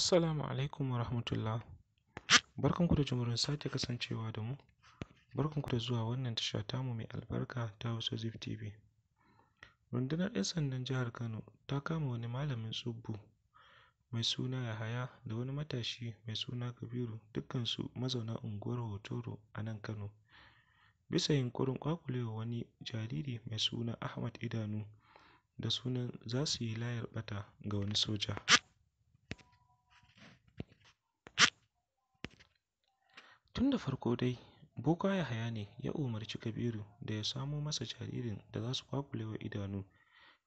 Assalamu alaikum wa rahmatullah. Barkanku da jimurin sake kasancewa da mu. Barkanku da zuwa wannan tasha mu mai albarka ta Hausa Zip TV. Rundunar 'yan sandan jihar Kano ta kama wani malamin tsubbu mai suna Yahaya da wani matashi mai suna Kabiru dukkansu mazauna unguwar Hotoro a nan Kano. Bisa yunƙurin wa wani jariri mai suna Ahmad idanu da sunan za su yi layar ɓata ga wani soja. Tun da farko dai, ya Yahaya ne ya umarci Kabiru da ya samo masa jaririn da za su ƙwaƙule wa idanu,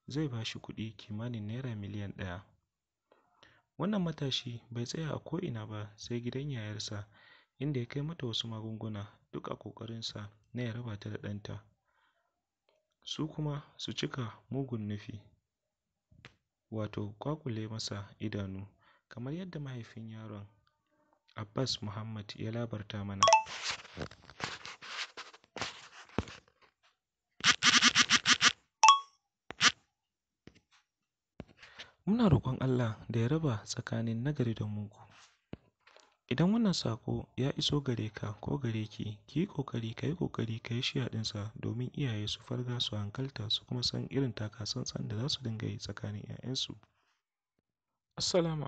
zai ba shi kuɗi kimanin Naira miliyan ɗaya. Wannan matashi bai tsaya a ko'ina ba sai gidan yayarsa, inda ya kai mata wasu magunguna, duk a ƙoƙarinsa na ya raba ta da ɗanta, su kuma su cika mugun nufi, wato ƙwaƙule masa idanu, kamar yadda mahaifin yaron Abbas Muhammad ya labarta mana. Muna roƙon Allah da ya raba tsakanin nagari da mugu. Idan wannan saƙo ya iso gare ka ko gare ki, ki yi ƙoƙari ka yi ƙoƙari ka yi share ɗinsa domin iyaye su farga su hankalta su kuma san irin taka-tsantsan da za su dinga yi tsakanin ‘ya'yansu. Assalamu